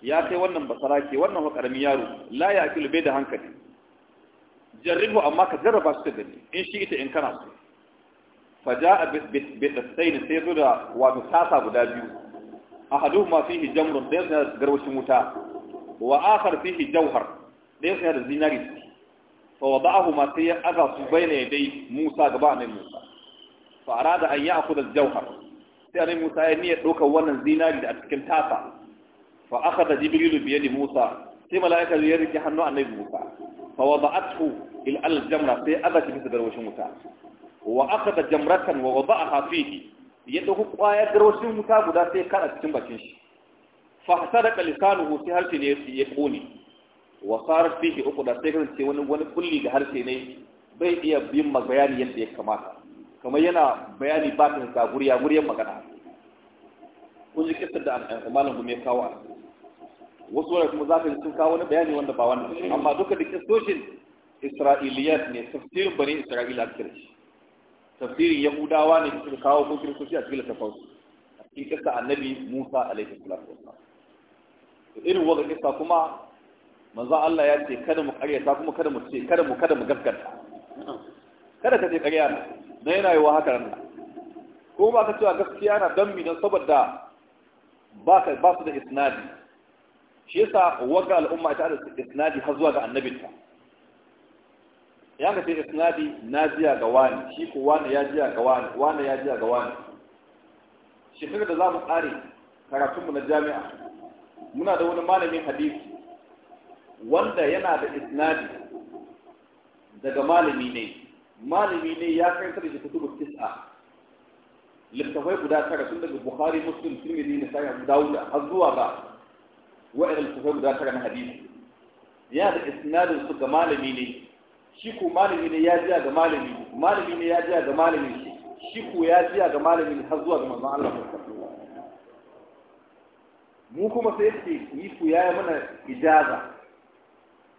ya kai wannan ke wannan makarami yaro la ya akilu bai da hankali jarribu amma ka jarraba shi da ni in shi ita in kana so faja'a bi tasayni sai zuwa da wato tasa guda biyu ahaduhuma fihi jamrun sai da garwashin wuta wa akhar fihi jawhar da ya sayar da zinari fa wada'ahu ma sai ya aza su bayyana ya dai Musa gaba ne Musa fa arada an ya'khudha al-jawhar sai ne Musa ya niyyar ɗaukar wannan zinari a cikin tasa fa akhadha jibrilu bi yadi Musa sai mala'ika ya rike hannu annabi Musa fa wada'athu il al-jamra sai aza shi bisa wa ya dauki kwayar garwashin wuta guda sai cikin bakin shi fa kalisanu lisanuhu sai harshe ne ya kone wa sarar fihi uku da sai ce wani wani kulli da harshe ne bai iya bin bayani yadda ya kamata kamar yana bayani ba ta ga guriya guriyar magana kun ji kisar da malam kuma kawo a wasu wani kuma za ka ji sun kawo wani bayani wanda ba wani. amma duka da kistoshin isra'iliyat ne tafsirin bane isra'ila kirki tafsirin yahudawa ne suka kawo ko kiristoci a cikin littafansu a cikin kisa annabi musa alaihi salatu wasu irin wa kisa kuma manzo Allah ya ce kada mu karyata kuma kada mu ce kada mu kada mu gaskata kada ka ce ƙarya na na yana yiwa haka nan ko ba ka cewa gaskiya na dan mi dan saboda ba ka ba su da isnadi shi yasa waga al'umma ta da isnadi har zuwa ga annabinta ya ka ce isnadi na jiya ga wani shi ko wani ya jiya ga wani wani ya jiya ga wani shekarar da za mu tsare karatunmu na jami'a muna da wani malamin hadisi wanda yana da isnadi daga malami ne malami ne ya ta da shi kutubu tis'a littafai guda tara sun daga bukhari muslim tirmidhi na sahih dawuda har zuwa ba wa'ir littafai guda tara na hadisi yana da isnadin su ga malami ne shi ko malami ne ya jiya ga malami malami ne ya jiya ga malami shi ko ya jiya ga malami har zuwa ga manzon Allah sallallahu alaihi wasallam mu kuma sai yake yi ku ya mana ijaza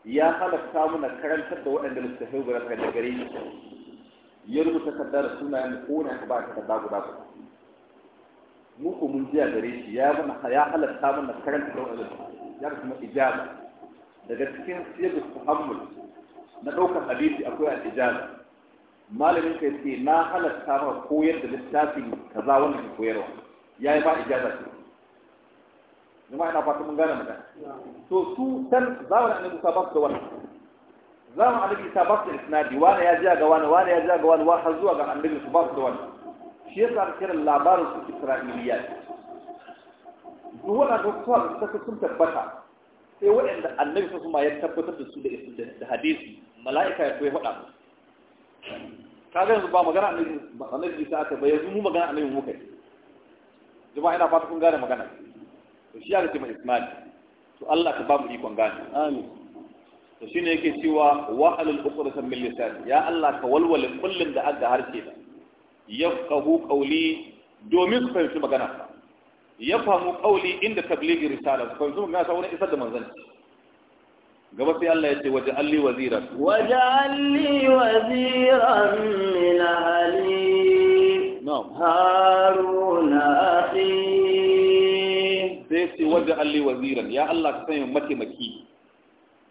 ya halatta mana karantar da waɗanda littattafai guda daga gare shi ya rubuta kaddara suna ko na ka ba ta kadda guda guda mu ko mun ji a gare shi ya mana ya halatta mana karantar da waɗanda ya rubuta kuma ijaza daga cikin sirri muhammad na ɗaukar hadisi akwai a ijaza malamin ka yace na halatta maka koyar da littafin kaza wannan koyarwa yayi ba ijaza ce jama'a ina fata mun gane magana to su san zamanin annabi Musa ba su da wani zamanin annabi Isa ba su da isnadi wani ya ji ga wani wani ya ji ga wani wa har zuwa ga annabi su ba su da wani shi yasa aka kira labarin su Isra'iliya duk wannan da suka suka sun tabbata sai waɗanda annabi su kuma ya tabbatar da su da hadisi mala'ika ya koyi faɗa ka ga yanzu ba magana annabi annabi Isa aka ba mu magana annabi mu kai jama'a ina fata kun gane magana to shi ya ce mai ismail to Allah ka ba mu ikon gane amin to shine yake cewa wa halal ukhra min lisan ya Allah ka walwala kullum da aka harshe da yafqahu qawli domin su fahimci magana ya famu qawli inda tablighi risala su fahimci magana sa isar da manzanci gaba sai Allah ya ce waje alli waziran waje alli waziran min ahli haruna akhi sai ce wajen alli waziran ya Allah ka sanya mataimaki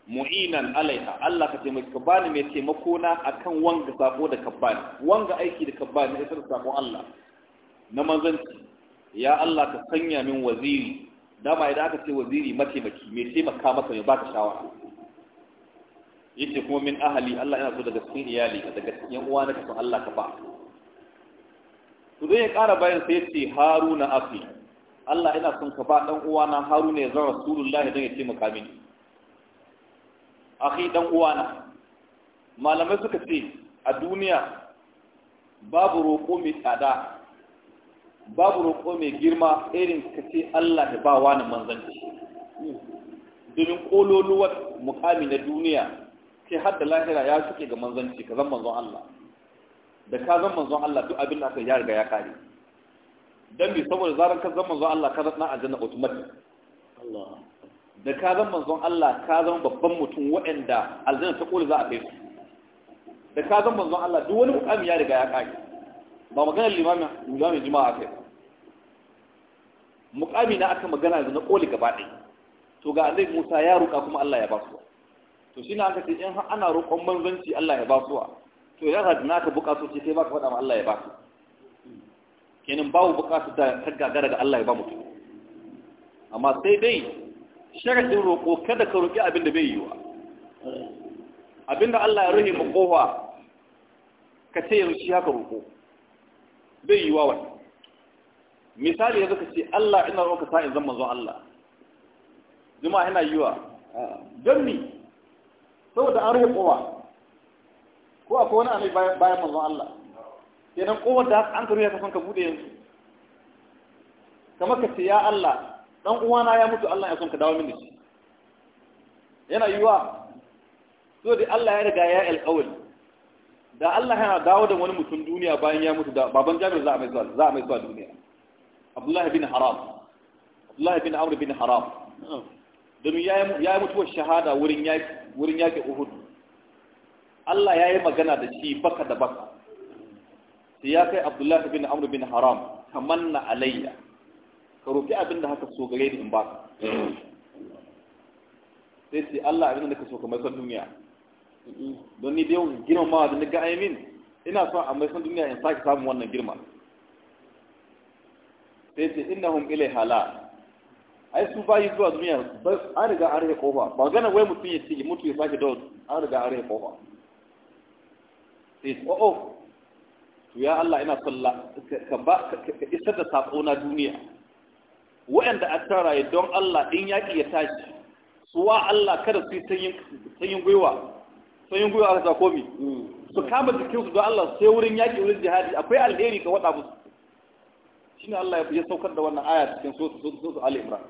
mu'inan alaiha Allah ka taimaki ka bani mai taimako na akan wanga sako da kabbani wanga aiki da kabbani isar sako Allah na manzanci ya Allah ka sanya min waziri dama idan aka ce waziri mataimaki mai taimaka maka mai baka shawara yace kuma min ahali Allah yana so daga cikin iyali daga cikin yan uwa na ka Allah ka ba to zai ya ƙara bayan sai ya ce haruna afi Allah ina son ka ba ɗan uwana Haruna ya zama Rasulullahi don ya ce maka mini akhi ɗan uwana malamai suka ce a duniya babu roƙo mai tsada babu roƙo mai girma irin ka ce Allah ya ba wani manzanci domin ƙololuwar mukami na duniya sai har da lahira ya suke ga manzanci ka zan manzon Allah da ka zan manzon Allah duk abin da aka yi ya riga ya kare dan bi saboda zaran ka zama manzon Allah ka zama aljanna automatic Allah da ka zama manzon Allah ka zama babban mutum waɗanda aljanna ta kula za a kai su da ka zama manzon Allah duk wani mukami ya riga ya kage ba magana limamin limamin jima'a kai mukami na aka magana da na koli gaba ɗaya to ga annabi Musa ya ruka kuma Allah ya ba su to shi na aka ce in ana roƙon manzanci Allah ya ba su to ya ga na ka buƙatu sai kai ba ka faɗa ma Allah ya ba su kenan babu bukatar da ta gagara ga Allah ya ba mutum amma sai dai sharadin roƙo kada ka roƙi abinda bai yiwa abin da Allah ya rufe makowa ka ce yanzu shi haka roƙo bai yiwa wani misali yanzu ka ce Allah ina roƙa sa in zan manzon Allah jima yana yiwa don ni saboda an rufe kowa ko akwai wani annabi bayan manzon Allah kenan kowar da an karu ya kasan ka bude yanzu kamar ka ce ya Allah dan uwana ya mutu Allah ya son ka dawo mini shi yana yiwa so da Allah ya riga ya alƙawari da Allah yana dawo da wani mutum duniya bayan ya mutu da baban Jabir za a mai zuwa za a mai zuwa duniya Abdullah bin Haram Abdullah bin Amr bin Haram domin ya yi mutuwar shahada wurin yaƙi wurin yaƙi Uhud Allah ya yi magana da shi baka da baka ya kai abdullahi bin amru bin haram kamar na alayya ka roki abin da haka so gare ni in ba ka sai ce Allah abin da ka so kamar son duniya don ni da girma girmamawa da naga aimin ina so a mai son duniya in sake samun wannan girma sai ce innahum ilaiha la ai su bayi zuwa duniya bas an riga an rage kofa ba gana wai mutum ya ce mutu ya sake dawo an riga an rage kofa sai oh, oh to ya Allah ina sallah, ka ba ka isar da sako na duniya wa'anda a tara ya don Allah in yaƙi ya tashi suwa Allah kada su yi sanyin gwiwa sanyin gwiwa a ta komi su kama jikinsu don Allah sai wurin yaƙi wurin jihadi akwai alheri ka waɗa musu shine Allah ya saukar da wannan aya cikin sosu Ali Imran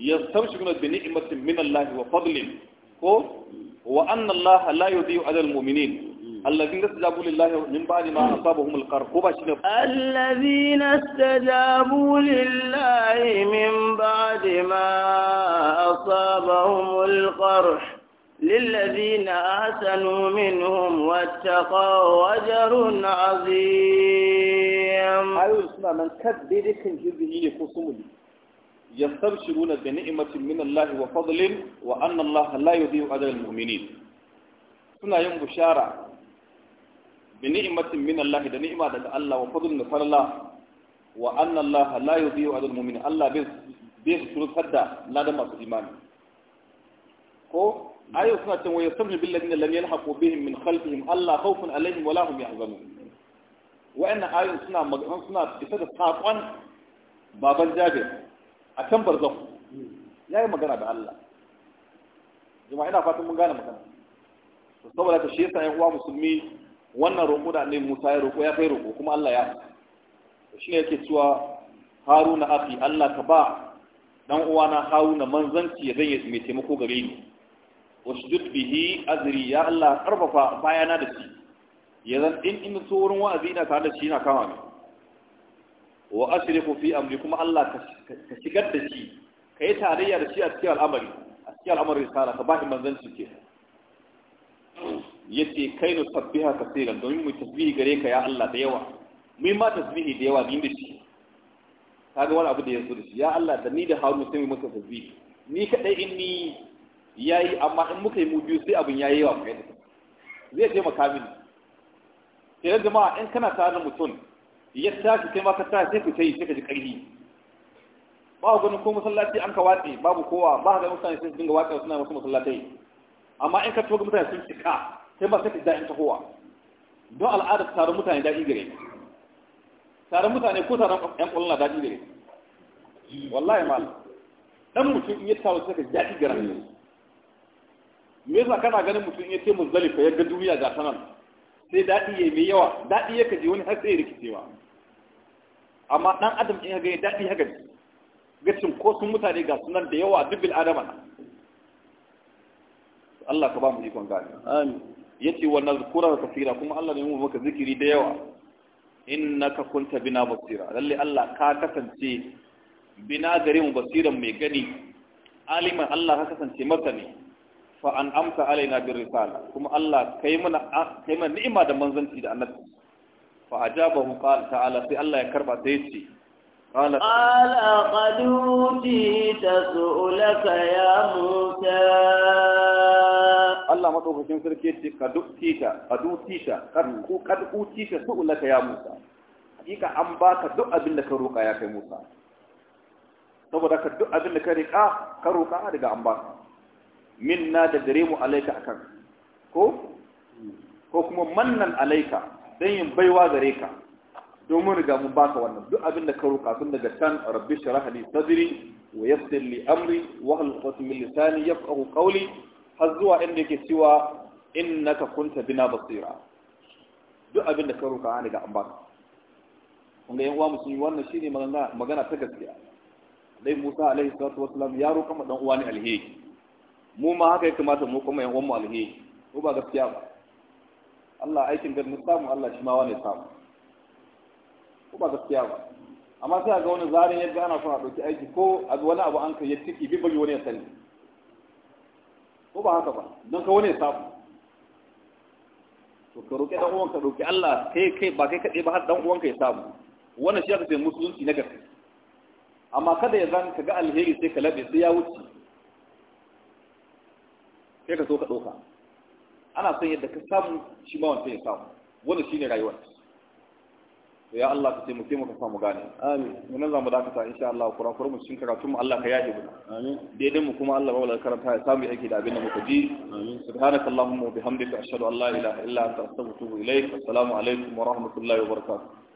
yastabshiruna bi ni'matin min Allah wa fadlin ko wa anna Allah la yudhi'u ajral mu'minin الذين استجابوا لله من بعد ما أصابهم القرح الذين استجابوا لله من بعد ما أصابهم القرح للذين أحسنوا منهم واتقوا أجر عظيم أيوة اسمع من كبير كان جزئي خصومه يستبشرون بنعمة من الله وفضل وأن الله لا يضيع أجر المؤمنين suna yin bushara bi ni'matin min Allah da ni'ima daga Allah wa fadlun da farla wa anna Allah la yudhi'u ajra mu'min Allah bai bai surfar da ladan masu imani ko ayu suna cewa yasammi bil ladina lam yalhaqu bihim min khalfihim Allah khawfun alaihim wa la hum yahzanun wa'annan ayoyin suna magana suna fita da saƙon baban jabir a kan barzan ya yi magana da Allah jama'a ina fatan mun gane magana saboda ta shi yasa ƴan uwa musulmi wannan roƙo da annabi Musa ya roƙo ya kai roƙo kuma Allah ya shi ne yake cewa Haruna afi Allah ka ba dan uwana Haruna manzanci ya zanye mai taimako gare ni wasjud bihi azri ya Allah karfafa bayana da shi ya zan din in so wurin wa'azi ina tare da shi na kama ni wa asrifu fi amri kuma Allah ka shigar da shi ka yi tarayya da shi a cikin al'amari a cikin al'amarin sala ka ba shi manzanci ke. yace kai nu sabbiha kaseeran domin mu tasbihi gare ka ya Allah da yawa mun ma tasbihi da yawa din dace kaga wani abu da yanzu dace ya Allah da ni da Harun sai mu masa tasbihi ni kadai in ni yayi amma in muka yi mu biyu sai abun yayi yawa kai zai taimaka min. sai jama'a in kana tare da mutum ya tashi kai ma ka tashi sai ku tayi sai ka ji karfi ba ku ganin ko masallaci an ka watsi babu kowa ba ga mutane sai su dinga watsa suna wasu masallatai amma in ka toga mutane sun cika sai ba ka da daɗin ta kowa don al'ada tare mutane daɗi gare tare mutane ko tare ƴan ƙwallon na daɗi gare wallahi mal dan mutum in ya tawo sai ka daɗi gare ne me yasa kana ganin mutum in ya ce muzdalifa ya ga duniya ga sanan sai daɗi ya mai yawa daɗi ya kaji wani har sai rikicewa amma ɗan adam in ya ga daɗi haka ko sun mutane ga sunan da yawa dubbil bil adama Allah ka ba mu ikon gani amin yace wa nazkura kasira kuma Allah ne mu maka zikiri da yawa innaka kunta bina basira lalle Allah ka kasance bina gare mu basiran mai gani aliman Allah ka kasance masani fa an amsa alaina bir risala kuma Allah kai mana kai mana ni'ima da manzanci da annabi fa ajabahu qala ta'ala sai Allah ya karba ta yace قال قال قد أوتيت سؤلك يا موسى Allah madaukakin sarki ce ka dukkita ka dukkita ka ku ka dukkita su ulaka ya Musa hakika an baka duk abin da ka roka ya kai Musa saboda ka duk abin da ka riƙa ka roka daga an baka minna da gare mu alaika akan ko ko kuma mannan alaika dan yin baiwa gare ka domin riga mun baka wannan duk abin da ka roka tun daga tan rabbi shrah li sadri wa yassir li amri wa hal qasmi lisani yafqahu qawli har zuwa inda yake cewa innaka kunta bina basira duk abin da ka roka an daga an baka kun ga yan uwa musulmi wannan shine magana magana ta gaskiya dai Musa alaihi salatu wassalam ya roka ma dan uwa ne alheri mu ma haka ya kamata mu kuma yan uwan mu alheri ko ba gaskiya ba Allah aikin gar musamu samu Allah shi ma wani samu ko ba gaskiya ba amma sai ga wani zarin yadda ana so a ɗauki aiki ko a wani abu an kai ya tiki bi bai wani ya sani ko ba haka ba don ka wani samu to ka roƙi ɗan uwanka roƙi Allah kai kai ba kai kaɗai ba har ɗan uwanka ya samu wannan shi aka ce musulunci na gaske amma kada ya zan ka ga alheri sai ka labe sai ya wuce kai ka so ka ɗauka ana son yadda ka samu shi ma wancan ya samu wannan shine rayuwar to ya Allah ka taimake mu ka samu gane amin mun zamu dakata insha Allah Qur'an Qur'an mu cikin karatu mu Allah ka yaje mu amin daidai mu kuma Allah mawla karanta ya samu yake da abin da muka ji amin subhanakallahumma wa bihamdika ashhadu an la ilaha illa anta astaghfiruka wa atubu ilaik assalamu alaikum wa rahmatullahi wa barakatuh